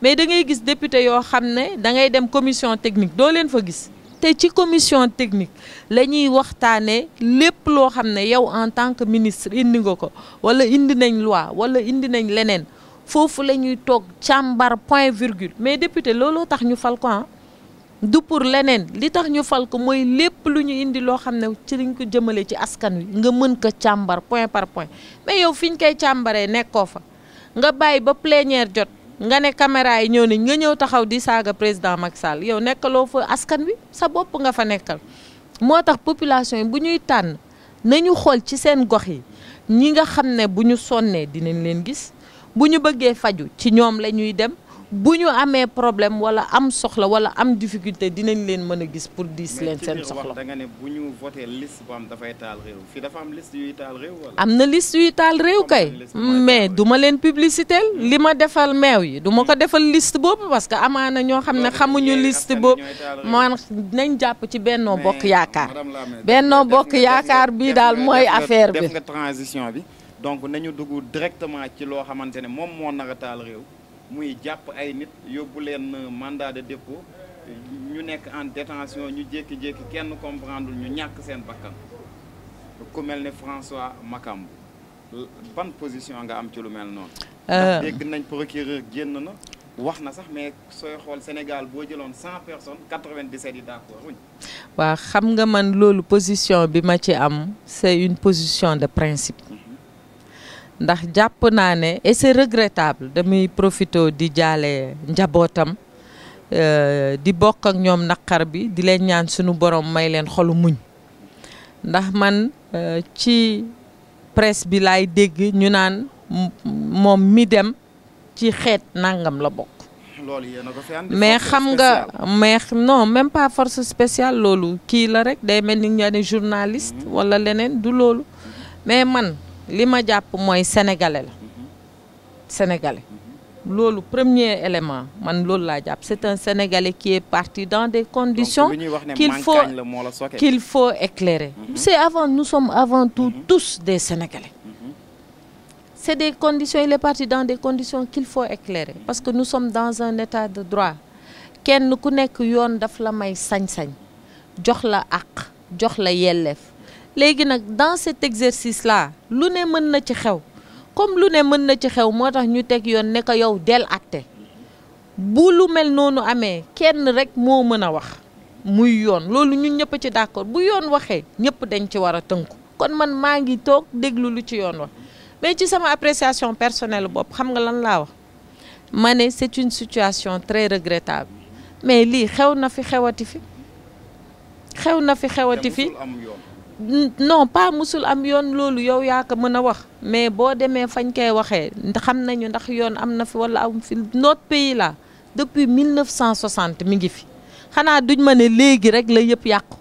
mais da ngay gis député yoo xam ne da ngay dem commission technique doo leen fa gis te ci commission technique la ñuy waxtaanee lépp loo xam ne yow en tant que ministre indi nga ko wala indi nañ loi wala indi nañ leneen foofu la ñuy toog càmbar point virgule mais député looloo tax ñu fal du pour leneen li tax ñu fal ko mooy lépp lu ñu indi loo xam ne ci liñ ko jëmale ci askan wi nga mën ko càmbar point par point mais yow fi ñu koy càmbaree nekkoo fa nga bàyyi ba plénière jot nga ne caméra yi ñëw nañ nga ñëw taxaw di saaga président Macky Sall yow nekkaloo fa askan wi sa bopp nga fa nekkal moo tax population yi bu ñuy tànn nañu xool ci seen gox yi ñi nga xam ne bu ñu sonnee dinañ leen gis bu ñu bëggee faju ci ñoom la ñuy dem bu ñu amee problème wala am soxla wala am difficulté dinañ leen mën a gis pour diis leen seen soxla. da nga ne ñu voté liste bu am dafay taal fii dafa am liste yuy taal am na liste yuy taal réew kay. mais duma leen publicité hmm. li ma defal meew yi duma ko hmm. defal liste boobu parce que amaana ñoo xam ne xamuñu list boobu man nañ jàpp ci Benno Bokk Yaakaar. Benno Bokk Yaakaar bii daal mooy affaire bi. def nga transition bi donc nañu dugg directement ci loo xamante ne moom moo nar taal réew. muy jàpp ay nit yóbbu leen mandat de dépôt ñu nekk en détention ñu jékki-jékki kenn comprendre ñu ñàkk seen bakkan ku mel ne François Makambu ban position nga am ci lu mel noonu. Euh, dégg nañ procureur génn na wax na sax mais sooy xool Sénégal boo jëloon cent personnes 97 yi d'accord wuñ. waa xam nga man loolu position bi ma ci am c'est une position de principe. ndax jàpp naa ne et c'est regrettable damay profité di jaale njabootam euh, di bokk ak ñoom naqar bi di leen ñaan suñu borom may leen xolu muñ ndax man euh, ci presse bi laay dégg ñu naan moom mi dem ci xeet nangam la bokk. loolu mais xam nga mais non même pas force spéciale loolu kii la rek day mel ni ñu journalist mm-hmm. wala leneen du loolu mais man. li ma jàpp mooy sénégalais la sénégalais loolu premier élément man loolu laa jàpp c'est un sénégalais qui est parti dans des conditions qu'il faut qu'il faut éclairer mhm. c'est avant nous sommes avant tout mhm. tous des sénégalais mhm. c'est des conditions il est parti dans des conditions qu'il faut éclairer parce que nous sommes dans un état de droit kenn ku nekk yoon daf la may sañ-sañ jox la àq jox la yelleef léegi nag dans cet exercice là lu ne mën na ci xew comme lu ne mën na ci xew moo tax ñu teg yoon nekk yow del atte bu lu mel noonu amee kenn rek moo mën a wax muy yoon loolu ñun ñëpp ci d'accord bu yoon waxee ñëpp dañ ci war a tënku kon man maa ngi toog déglu lu ci yoon wax mais ci sama appréciation personnel bopp xam nga lan laa wax ma ne c'est une situation très regrettable mais lii xew na fi xewati fi xew na fi xewati fi non pas mosul am yoon loolu yow yaa ko mën a wax mais boo demee fañ koy waxee xam nañu ndax yoon am na fi wala am fi notre pays là depuis mille cent 1960 mi ngi fi xanaa duñ ma ne léegi rek la yëpp yàqu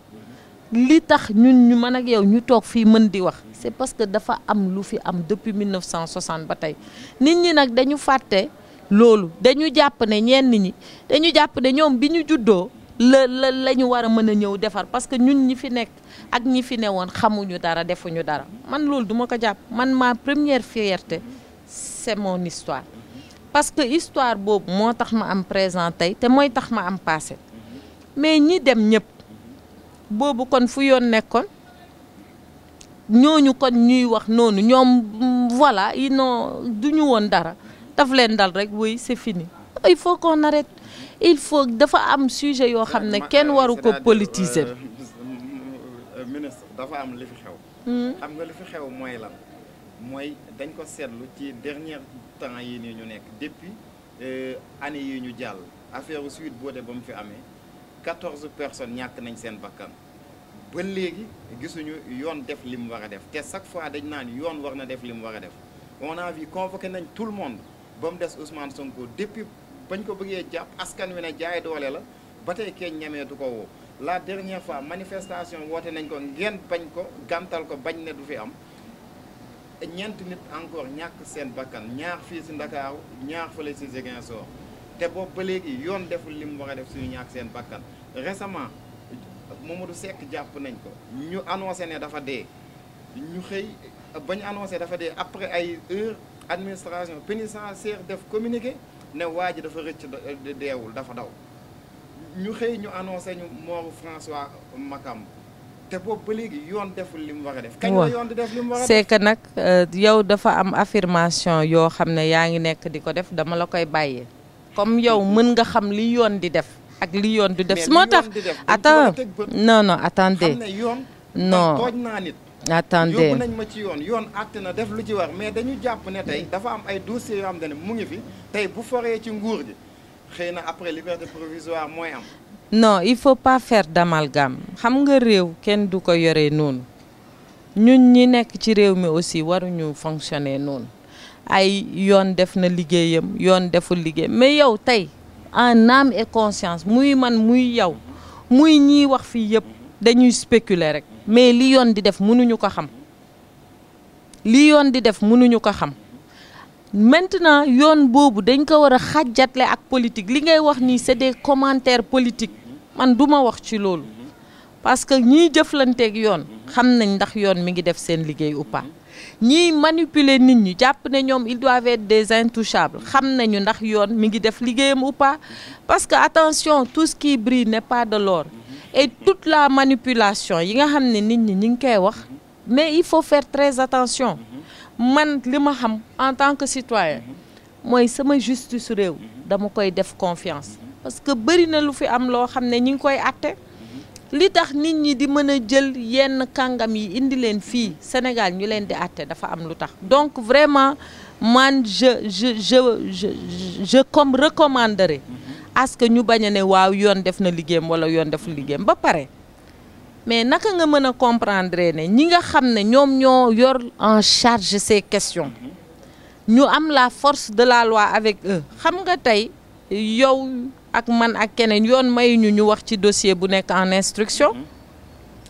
li tax ñun ñu mën ak yow ñu toog fii mën di wax c'est parce que dafa am lu fi am depuis 1960 ba tey nit ñi nag dañu fàtte loolu dañu jàpp ne ñenn ñi dañu jàpp ne ñoom bi ñu juddoo la la la ñu war a mën a ñëw defar parce que ñun ñi fi nekk. ak ñi fi ne woon xamuñu dara defuñu dara man loolu duma ko jàpp man ma première fierte c'est mon histoire parce que histoire boobu moo tax ma am présent tey te mooy tax ma am passé mais ñi dem ñëpp boobu kon fu yoon nekkoon ñooñu kon ñuy wax noonu ñoom voilà yi non duñu woon dara daf leen dal rek oui c'est fini il faut qu'on arrête il faut dafa am sujet yoo xam ne euh, kenn waru euh, ko politiser euh, dafa am lu fi xew. Hmm? xam nga lu fi xew mooy la mooy dañ ko seetlu ci dernier temps yi nii ñu nekk depuis euh, année yi ñu jàll affaire Sweet Beauté ba mu fi amee quatorze personnes ñàkk nañ seen bakkan ba léegi gisuñu yoon def li mu war a def te chaque fois dañ naan yoon war na def li mu war a def on a vu convoqué nañ tout le monde ba mu des Ousmane Sonko depuis bañ ko bëggee jàpp askan wi ne jaay doole la ba tey kenn ñameetu ko woo. la dernière fois manifestation woote nañ ko ngeen bañ ko gàntal ko bañ ne du fi am ñeent nit encore ñàkk seen bakkan ñaar fii si Ndakaaru ñaar fële si Ziguinchor te boobu ba léegi yoon deful li mu war a def suñu ñàkk seen bakkan récemment Mamadou Seck jàpp nañ ko ñu annoncé ne dafa dee ñu xëy ba ñu annoncé dafa dee après ay heure administration pénitentiaire def communiqué ne waa ji dafa rëcc deewul dafa daw ñu xëy ñu annoncé ñu mooru François Makambu te boobu ba léegi yoon deful li mu war a def. kañ la yoon di def li mu war a def c'est nag euh, yow dafa am affirmation yoo xam ne yaa ngi nekk di ko def dama la koy bàyyee comme yow mën nga xam li yoon di def. ak li yoon di def moo tax attends non non yoon non tooj naa nit attendez yóbbu nañ ma ci yoon yoon àtte na def lu ci war mais dañu jàpp ne dafa am ay dossiers mu ngi fi tey bu foree ci nguur gi xëy na après liberté provisoire mooy am. non il faut pas faire d'amalgame xam nga réew kenn du ko yore noonu ñun ñi nekk ci réew mi aussi waruñu fonctionner noonu ay yoon def na liggéeyam yoon deful liggéey mais yow tey en âme et conscience muy man muy yow muy ñiy wax fii yëpp dañuy spéculer rek mais li yoon di def mënuñu ko xam li yoon di def mënuñu ko xam. maintenant yoon boobu dañ ko war a xàjjatle ak politique li ngay wax nii c'est des commentaires politiques man du ma wax ci loolu parce que ñiy jëflanteeg yoon xam nañ ndax yoon mi ngi def seen liggéey ou pas ñiy manipuler nit ñi jàpp ne ñoom ils doivent être des intouchables xam nañu ndax yoon mi ngi def liggéeyam ou pas parce que attention tous ce qui brille n'est pas de l'or et toute la manipulation yi nga xam ne nit ñi ñi ngi koy wax mais il faut faire très attention man li ma xam en tant que citoyen mooy sama justice réew dama koy def confiance parce que bëri na lu fi am loo xam ne ñi ngi koy àtte li tax nit ñi di mën a jël yenn kàngam yi indi leen fii Sénégal ñu leen di àtte dafa am lu tax donc vraiment man je je je je comme recommanderais à que ñu bañ a ne waaw yoon def na liggéeyam walla yoon def liggéeyam ba pare mais naka nga mën a comprendre ne ñi nga xam ne ñoom ñoo yor en charge ces question ñu am la force de la loi avec eux xam nga tey yow ak man ak keneen yoon mayuñu ñu wax ci dossier bu nekk en instruction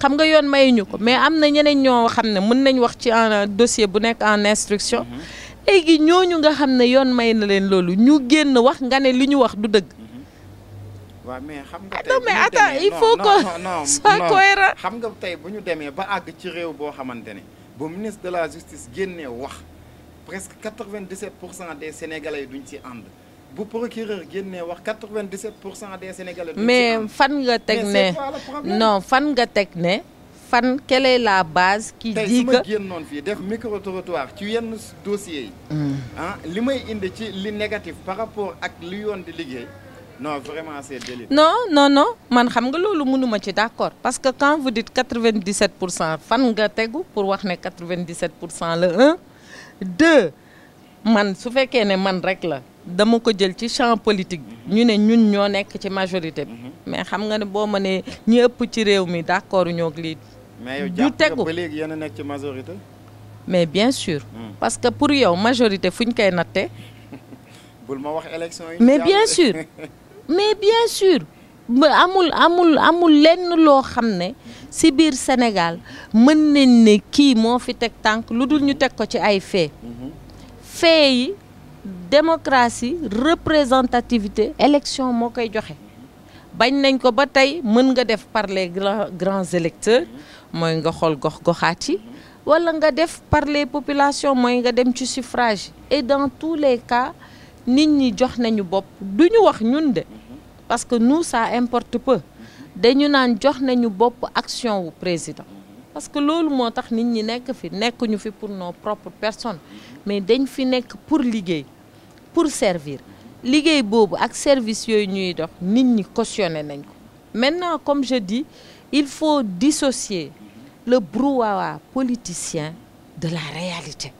xam nga yoon mayuñu ko mais am na ñeneen ñoo xam ne mën nañu wax ci en dossier bu nekk en instruction mhm. léegi ñooñu nga xam ne yoon may na leen loolu ñu génn wax nga ne li ñu wax du dëgg waaw mais xam nga tey xam nga tey bu ñu demee ba àgg ci réew boo xamante ne ba ministre de la justice génnee wax presque 97 pour cent des sénégalais duñ si ànd bu procureur génnee wax 97 pour cent des sénégalais. duñ ci ànd mais fan nga teg ne non fan nga teg ne. fan quelle la base. qui dit que tey su ma génnoon fii def micro trottoir ci yenn dossiers yi. Hmm. Ah, li may indi ci li négatif par rapport ak li yoon di liggéey. non vraiment no délire. non man xam nga loolu mënuma ci d'accord parce que quand vous dites 97 pour cent fan nga tegu pour wax ne 97 pour cent la un deux man su fekkee ne man rek la dama ko jël ci champ politique ñu ne ñun ñoo nekk ci majorité bi mhm. mais xam nga ne boo ma ne ci réew mi d'accord ñoo lii. du tegu mais yow ba léegi yéen a ci majorité. mais bien sûr. Hmm. parce que pour yow majorité fu ñu koy nattee. bul ma wax élection yi. mais bien sûr. mais bien sûr amul amul amul lenn loo xam ne si biir Sénégal mën nañ ne kii moo fi teg tànk lu dul ñu teg ko ci ay fee fee yi démocratie représentativité élection moo koy joxe bañ nañ ko ba tey mën nga def par les grands électeurs mooy nga xool gox goxaat yi wala nga def par les populations mooy nga dem ci suffrage et dans tous les cas nit ñi jox nañu bopp du ñu wax ñun de parce que nous ça importe peu dañu naan jox nañu bopp action wu président parce que loolu moo tax nit ñi nekk fi nekkuñu fi pour nos propres personne mais dañ fi nekk pour liggéey pour servir liggéey boobu ak service yooyu ñuy dox nit ñi cautionné nañu ko maintenant comme je dis il faut dissocier le brouhaha politicien de la réalité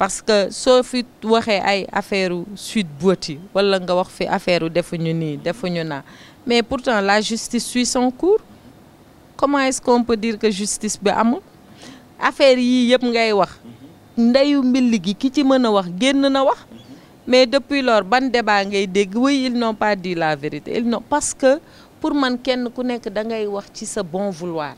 parce que soo fi waxee ay affaire Sweet Beauty wala nga wax fi affaire defuñu nii defuñu naa mais pourtant la justice suit son cours comment est-ce qu'on peut dire que justice bi amul affaire yii yëpp ngay wax ndeyu mbill gi ki ci mën a wax génn na wax mais depuis lors ban débat ngay dégg oui ils n'ont pas dit la vérité ils n'ont parce que pour man kenn ku nekk da ngay wax ci sa bon vouloir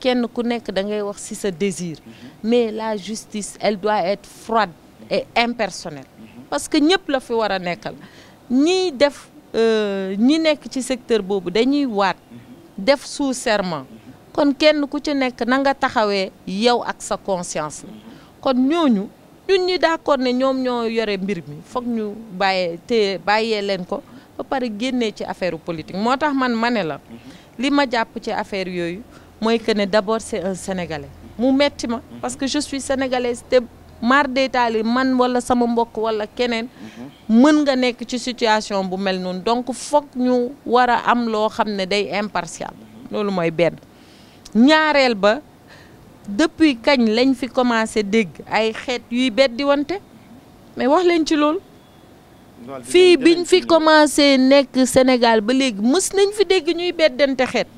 kenn ku nekk da ngay wax ci sa désir mais la justice elle doit être froide et impersonnelle parce que ñëpp la fi war a nekkal ñiy def euh, ñi nekk ci secteur boobu dañuy waat def sous serment kon kenn ku ci nekk na nga taxawee yow ak sa conscience kon ñooñu ñun ñi d'accord ne ñoom ñoo yore mbir mi foog ñu bàyyee te bàyyee leen ko ba pare génnee ci affaire politique moo tax man ma ne la li ma jàpp ci affaire yooyu mooy que ne d'abord c'est un sénégalais mu metti ma parce que je suis te mar man wala sama mbokk wala keneen mën nga nekk ci situation bu mel noonu donc foog ñu war a am loo xam ne day impartial loolu mooy benn ñaareel ba depuis kañ lañ fi commencé dégg ay xeet yuy beddi wante mais wax leen ci loolu fii biñ fi commencé nekk Sénégal ba léegi mës nañ fi dégg ñuy beddante xeet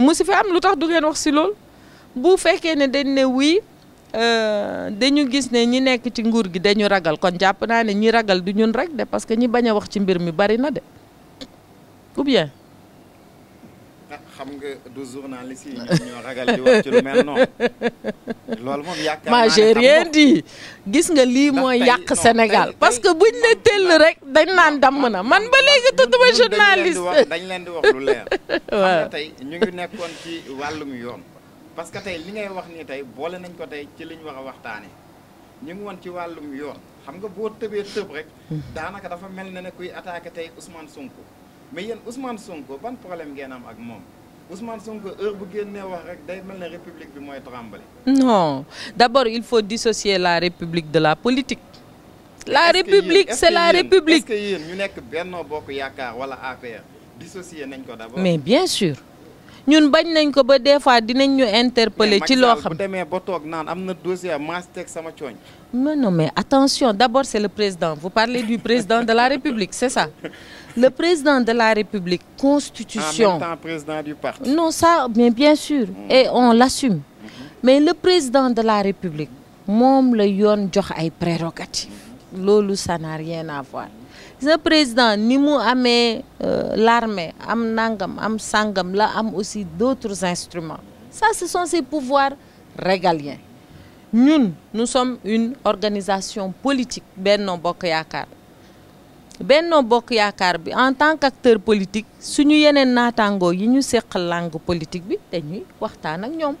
musu fi am lu tax du ngeen wax si lool bu fekkee ne dañ ne wii euh, dañu gis ne ñi nekk ci nguur gi dañu ragal kon jàpp naa ne ñi ragal du ñun rek de parce que ñi bañ a wax ci mbir mi bari na de ou bien. xam nga du journaliste yi ñoo ragal di wax moom yaakaar naa ne j'ai rien gis nga lii mooy yàq Sénégal parce que buñ ne tell rek dañ naan damm na man ba léegi tudduma journaliste dañ leen di wax lu leer waaw tey ñu ngi nekkoon ci wàllum yoon parce que tey li ngay wax nii tey boole nañ ko tey ci li ñu war a waxtaane ñu ngi woon ci wàllum yoon xam nga boo tëbee tëb rek hmm. daanaka dafa mel na ne kuy attaqué tey usmaan Sonko mais yéen Ousmane Sonko ban problème ngeen am ak moom Ousmane Sonko bu génnee wax rek day bi mooy trembler. non d'abord il faut dissocier la république de la politique. la république c'est la république. est ñu nekk Benno Bokk Yaakaar wala APR nañ ko d'abord. mais bien sûr. ñun bañ nañ ko ba des fois dinañ ñu interpeller ci loo xam bu demee ba toog naan am na dossier maas teg sama cooñ. non non mais attention d'abord c'est le président vous parlez du président de la république c'est ça. le président de la République constitution en même temps président du parti non ça mais bien sûr mmh. et on l'assume mmh. mais le président de la République moom la yoon jox ay prérogatives loolu ça n'a rien à voir sa président ni mu amee euh, l'armée am nangam am sangam la am aussi d'autres instruments ça ce sont ses pouvoirs régaliens ñun nous sommes une organisation politique Benno Bokk Yaakaar Benno Bokk Yaakaar bi en tant qu'acteur politique suñu yeneen naataangoo yi ñu seq langue politique bi dañuy waxtaan ak ñoom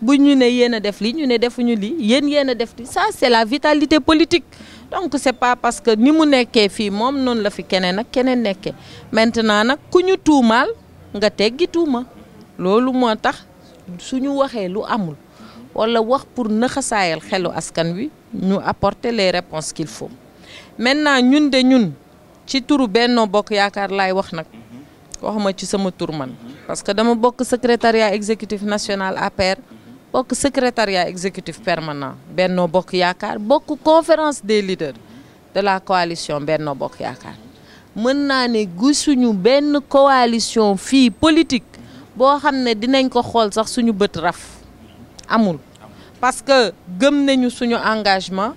bu ñu ne yéen a def lii ñu ne defuñu lii yéen yéen a def lii ça c'est la vitalité politique donc c'est pas parce que ni mu nekkee fii moom noonu la fi keneen ak keneen nekkee maintenant nag ku ñu tuumaal nga teggi tuuma loolu moo tax su ñu waxee lu amul wala wax pour naxasaayal xelu askan wi ñu apporter les réponses qu'il faut maintenant ci turu Benno Bokk Yaakaar laay wax nag waxuma ci sama tur man parce que dama bokk secrétariat exécutif national APR bokk secrétariat exécutif permanent Benno Bokk Yaakaar bokk conférence des leaders de la coalition Benno Bokk Yaakaar mën naa ne gisuñu benn coalition fii politique boo xam ne dinañ ko xool sax suñu bët raf amul parce que gëm nañu suñu engagement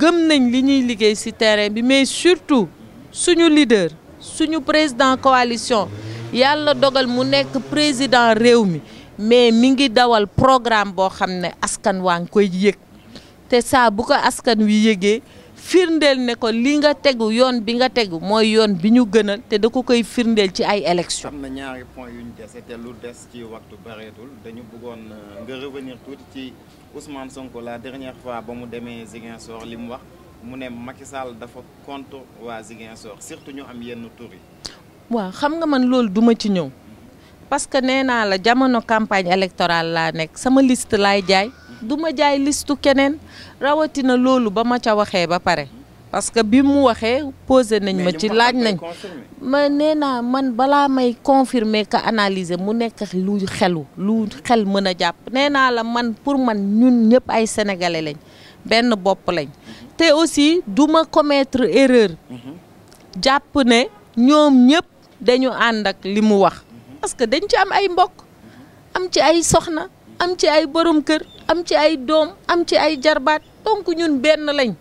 gëm nañ li ñuy liggéey ci terrain bi mais surtout suñu leader suñu président coalition yàlla dogal mu nekk président réew mi mais mi ngi dawal programme boo xam ne askan waa ngi koy yëg te saa bu ko askan wi yëgee firndeel ne ko li nga tegu yoon bi nga tegu mooy yoon bi ñu gënal te da ko koy firndeel ci ay élection am ñaari point yu ñu dese te lu des ci waxtu bareetul dañu bëggoon euh, nga revenir tuuti ci Ousmane Sonko la dernière fois ba mu demee Ziguinchor li mu wax mu ne Macky Sall dafa contre waa Ziguinchor surtout ñu am yenn xam nga man loolu duma ci ñëw parce que nee naa la jamono campagne électorale laa nekk sama list laay jaay. du ma jaay listu keneen rawatina loolu ba ma ca waxee ba pare parce que bi mu waxee posé nañ ma ci laaj nañ ma nee naa man balaa may confirmer que analyser mu nekk lu xelu lu xel mën a jàpp nee naa la man pour man ñun ñëpp ay sénégalais lañ benn bopp lañ te aussi duma commetre commettre erreur jàpp ne ñoom ñëpp dañu ànd ak li mu wax parce que dañ ci am ay mbokk am ci ay soxna am ci ay borom kër am ci ay doom am ci ay jarbaat donc ñun benn lañ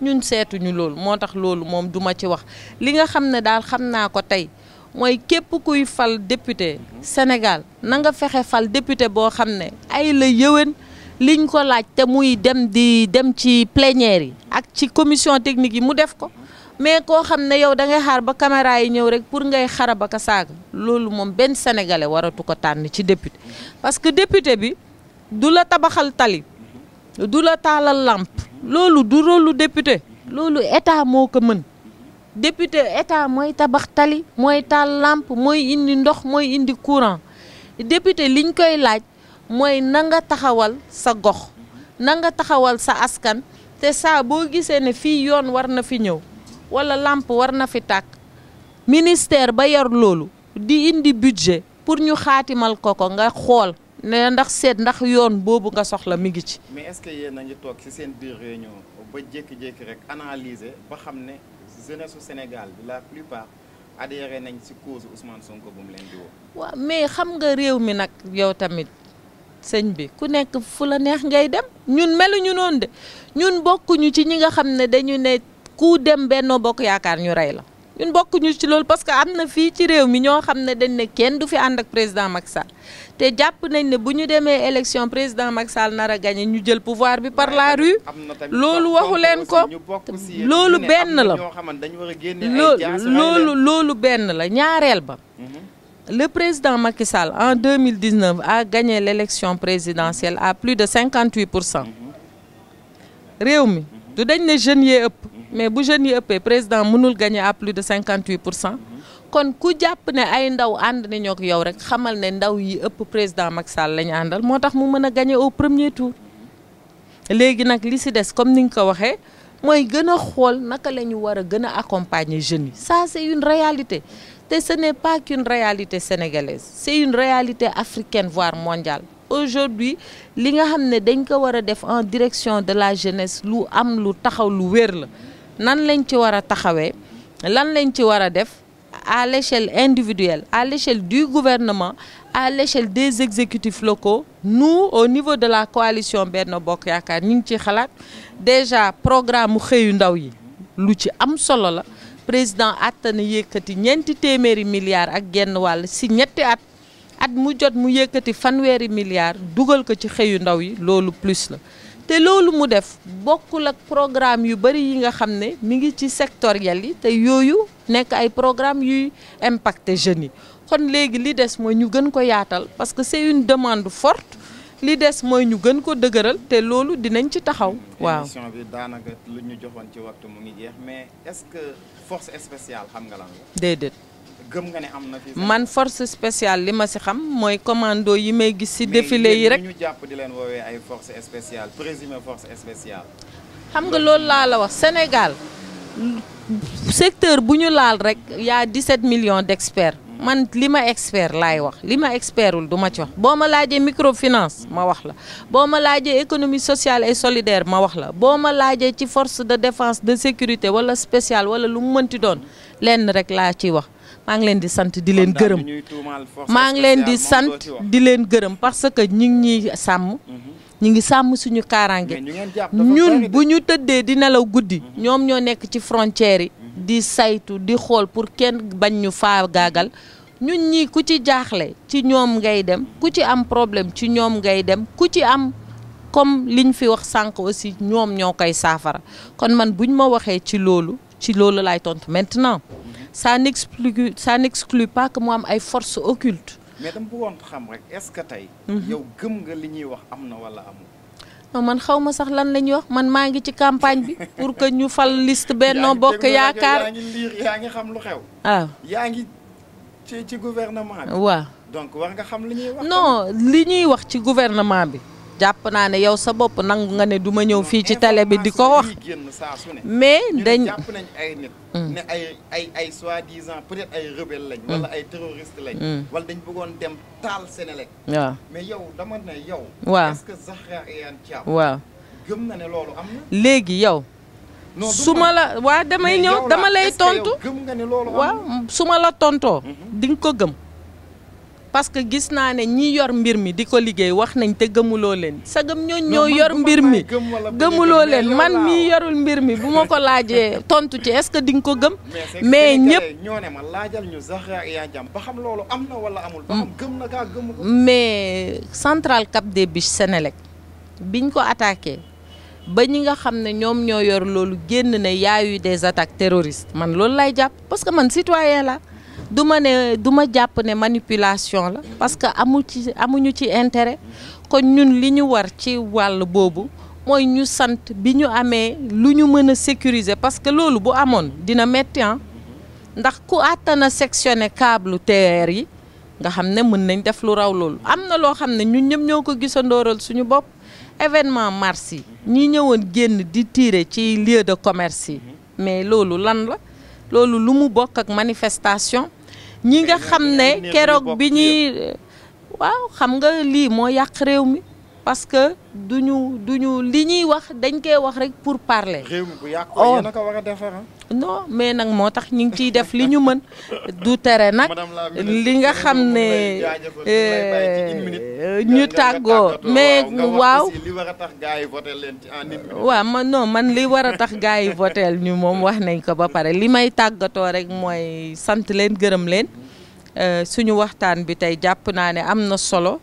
ñun seetuñu loolu moo tax loolu moom duma ci wax li nga xam ne daal xam naa ko tey mooy képp kuy fal député Sénégal nanga fexe fal député boo xam ne ay la yëwen liñ ko laaj te muy dem di dem ci plénière yi ak ci commission technique yi mu def ko mais koo xam ne yow da ngay xaar ba caméra yi ñëw rek pour ngay xaraba ka saaga loolu moom benn sénégalais waratu ko tànn ci député parce que député bi du la tabaxal tali du la tàllal làmp loolu du rôlu député loolu état moo ko mën député état mooy tabax tali mooy taal làmp mooy indi ndox mooy indi courant député liñ koy laaj mooy na nga taxawal sa gox na nga taxawal sa askan te saa boo gisee ne fii yoon war na fi ñëw wala làmp war na fi tàkk ministère ba yor loolu di indi budget pour ñu xaatimal ko ko nga xool ne ndax seet ndax yoon boobu nga soxla mi ngi ci. mais est-ce que yéen a ngi toog ci seen biir réunion ba jékki-jékki rek analyser ba xam ne jeunesse su Sénégal bi la plupart adhéré nañ ci cause Ousmane Sonko bu mu leen di woo. mais xam nga réew mi nag yow tamit sëñ bi ku nekk fu la neex ngay dem ñun meluñu noonu de ñun bokkuñu ci ñi nga xam ne dañu ne ku dem Benno Bokk Yaakaar ñu rey la ñun bokkuñu ci loolu parce que am na fii ci réew mi ñoo xam ne dañ ne kenn du fi ànd ak président Macky Sall te jàpp nañ ne bu ñu demee élection président Macky Sall nar a gagné ñu jël pouvoir bi par la rue loolu waxu leen ko loolu benn la loolu loolu benn la ñaareel ba mhm. Le président Macky Sall, en 2019, a gagné l'élection présidentielle à plus de 58 pour cent. réew mi du dañ ne jeunes yee ëpp mais bu jeunes yee ëppee président mënul gagné à plus de 58 pour cent kon ku jàpp ne ay ndaw ànd nañoo ak yow rek xamal ne ndaw yi ëpp président Macky Sall la àndal moo tax mu mën a gañe au premier tour. léegi nag li si des comme ni nga ko waxee mooy gën a xool naka la ñu war a gën a accompagner jeunes yi ça c'est une réalité. te ce n'est pas qu'une réalité sénégalaise c'est une réalité africaine voire mondiale aujourd'hui li nga xam ne dañ ko war a def en direction de la jeunesse lu am lu taxaw lu wér la nan lañ ci war a taxawee lan lañ ci war a def à l'échelle individuelle à l'échelle du gouvernement à l'échelle des exécutifs locaux nu au niveau de la coalition Benno Bokk Yaakaar ñu ngi ci xalaat déjà programme mu xëyu ndaw yi lu ci am solo la président àttana yëkkati ñeenti téeméeri milliards ak genn wàll si ñetti at at mu jot mu yëkkati fanweeri milliards dugal ko ci xëyu ndaw yi loolu plus la te loolu mu def bokkul ak programme yu bëri yi nga xam ne mi ngi ci sectoriel yi te yooyu nekk ay programme yuy impacté jeunes yi kon léegi li des mooy ñu gën ko yaatal parce que c'est une demande forte li des mooy ñu gën ko dëgëral te loolu dinañ ci taxaw. waaw bi daanaka lu ñu joxoon ci waxtu mu jeex mais est-ce que force spéciale xam nga la. déedéet. gëm nga ne am na man force spéciale li ma si xam mooy commando yi may gis si défilé yi rek mais ñu jàpp di leen woowee ay force spéciale présumé force spéciale. xam nga loolu laa la wax Sénégal secteur bu ñu laal rek yaa a 17 millions d'experts. man li ma expert laay wax li ma expertul duma ci wax boo ma laajee microfinance ma wax la boo ma laajee économie sociale et solidaire ma wax la boo ma laajee ci force de défence de sécurité wala spéciale wala lu mu mënti doon lenn rek laa ciy wax maa ngi leen di sant di leen gërëm maa ngi leen di sant di leen gërëm parce que ñu ngi ñuy sàmm mhm. ñu ngi sàmm suñu kaaraange ñun bu ñu tëddee di nelaw guddi ñoom ñoo nekk ci frontières yi di saytu di xool pour kenn bañ ñu faagaagal ñun ñi ku ci jaaxle ci ñoom ngay dem ku ci am problème ci ñoom ngay dem ku ci am comme li liñ fi wax sànq aussi ñoom ñoo koy saafara kon man buñ ma waxee ci loolu ci loolu laay tontu maintenant sa n'exclut ça n'exclut pas que mu am ay force occultes mais dama bëggoon xam rek est-ce que tey. Mhm. yow gëm nga li ñuy wax am na wala amul. non man xaw ma sax lan la ñuy wax man maa ngi ci campagne bi pour que ñu fal list Benno Bokk Yaakaar yaa ngi ngi xam lu xew. waaw ah. yaa ngi ci ci gouvernement bi. waa donc war nga xam li ñuy wax. non li ñuy wax ci gouvernement bi. jàpp naa ne yow sa bopp nangu nga ne duma ñëw fii ci télé bi di ko wax mais dañ jàpp nañ ay mm. ne ay ay ay soi-disant peut-être ay rebelle lañ mm. wala ay terroriste lañ mm. wala dañ bëggoon dem taal Senelec waaw mais yow dama yow waaw que Zahra Iyane Thiam waaw na ne loolu am léegi yow su ma la waa damay ñëw dama lay tontu waaw su ma la tontoo mm-hmm. di nga ko gëm parce que gis naa ne ñi yor mbir mi di ko liggéey wax nañ te gëmuloo leen sagam ñoo ñoo yor mbir mi gëmuloo leen man mii yorul mbir mi bu ma ko laajee tontu ci est-ce que di nga ko gëm mais ñëpp ñoo ne ma laajal ñu Zahra Iyane Thiam xam loolu am wala amul ba xam mm. gëm na kaa gëmuloo mais centrale Cap des Biches Senelec biñ ko attaque ba ñi nga xam ne ñoom ñoo yor loolu génn ne yaayu des attaques terroristes man loolu lay jàpp parce man citoyen la du ma ne du ma jàpp ne manipulation la parce que amu ci amuñu ci intéret kon ñun li ñu war ci wàll boobu mooy ñu sant bi ñu amee lu ñu mën a sécuriser parce que loolu bu amoon dina metti ah. ndax ku àttana sectionné câble TER yi nga xam ne mën nañ def lu raw loolu am na loo xam ne ñun ñëpp ñoo ko gisandooral suñu bopp événement mars yi ñi ñëwoon génn di tiire ci lieu de commerce yi mais loolu lan la loolu lu mu bokk ak manifestation ñi nga xam ne keroog bi ñuy waaw xam nga lii moo yàq réew mi parce que duñu duñu li ñuy wax dañ koy wax rek pour parler. réew mi oh. war a defar mais nag moo tax ñu ngi ciy def li ñu mën du tere nag li nga xam ne eh, ñu tàggoo mais waaw waaw man non man li war a tax gars yi voteel ñu moom wax nañ ko ba pare li may tàggatoo rek mooy sant leen gërëm leen euh, suñu waxtaan bi tey jàpp naa ne am na solo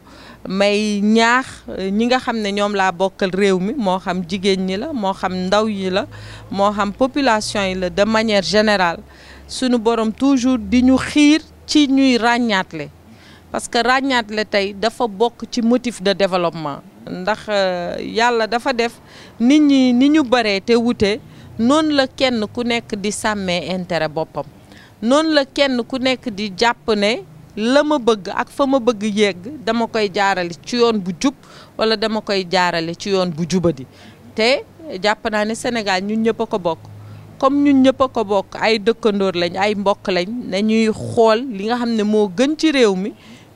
may ñaax euh, ñi nga xam ne ñoom laa bokkal réew mi moo xam jigéen ñi la moo xam ndaw yi la moo xam population yi la de manière générale suñu borom toujours di ñu xiir ci ñuy ràññaatle parce que ràññaatle tey dafa bokk ci motif de développement ndax euh, yàlla dafa def nit ñi ni ñu baree te wute noonu la kenn ku nekk di sàmmee intérêt boppam noonu la kenn ku nekk di jàpp ne la ma bëgg ak fa ma bëgg yegg dama koy jaarale ci yoon bu jub wala dama koy jaarale ci yoon bu jubadi te jàpp naa ne Sénégal ñun ñëpp a ko bokk comme ñun ñëpp a ko bokk ay dëkkandoor lañ ay mbokk lañ nañuy xool li nga xam ne moo gën ci réew mi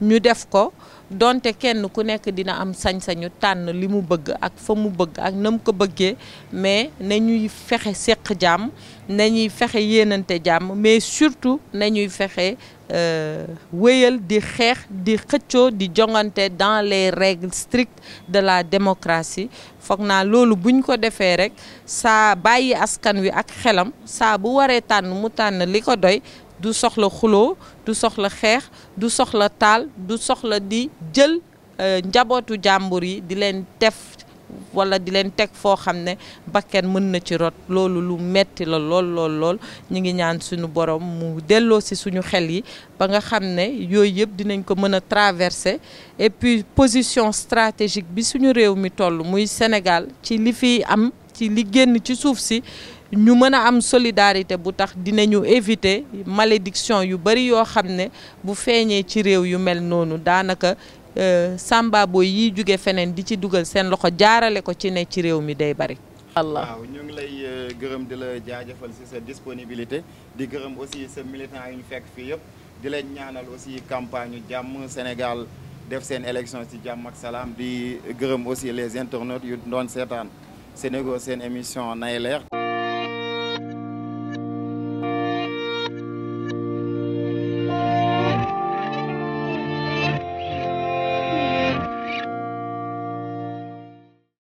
ñu def ko donte kenn ku nekk dina am sañsañu tànn li mu bëgg ak fa mu bëgg ak nam ko bëggee mais nañuy fexe seq jàmm nañuy fexe yéenante jàmm mais surtout nañuy fexe euh, wéyal di xeex di xëccoo di jongante dans les règles strictes de la démocratie foog naa loolu buñ ko defee rek saa bàyyi askan wi ak xelam saa bu waree tànn mu tànn li ko doy du soxla xuloo du soxla xeex du soxla taal du soxla di jël euh, njabootu jàmbur yi di leen def wala di leen teg foo xam ne bakken mën na ci rot loolu lu metti la lool lool lool ñu ngi ñaan suñu borom mu delloo si suñu xel yi ba nga xam ne yooyu yëpp dinañ ko mën a traverser et puis position stratégique bi suñu réew mi toll muy Sénégal ci li fi am ci li génn ci suuf si ñu mën a am solidarité bu tax dinañu éviter malédiction yu bari yoo xam ne bu feeñee ci réew yu mel noonu daanaka euh, samba booy yiy jóge feneen di ci dugal seen loxo jaarale ko ci ne ci réew mi day bari. waaw ñoo ngi lay euh, gërëm di la jaajëfal ci sa disponibilité di gërëm aussi sa militant yu ñu fekk yëpp di leen ñaanal aussi campagne jàmm Sénégal def seen élection ci jàmm ak salaam di gërëm aussi les internautes yu doon seetaan Sénégal seen émission nay leer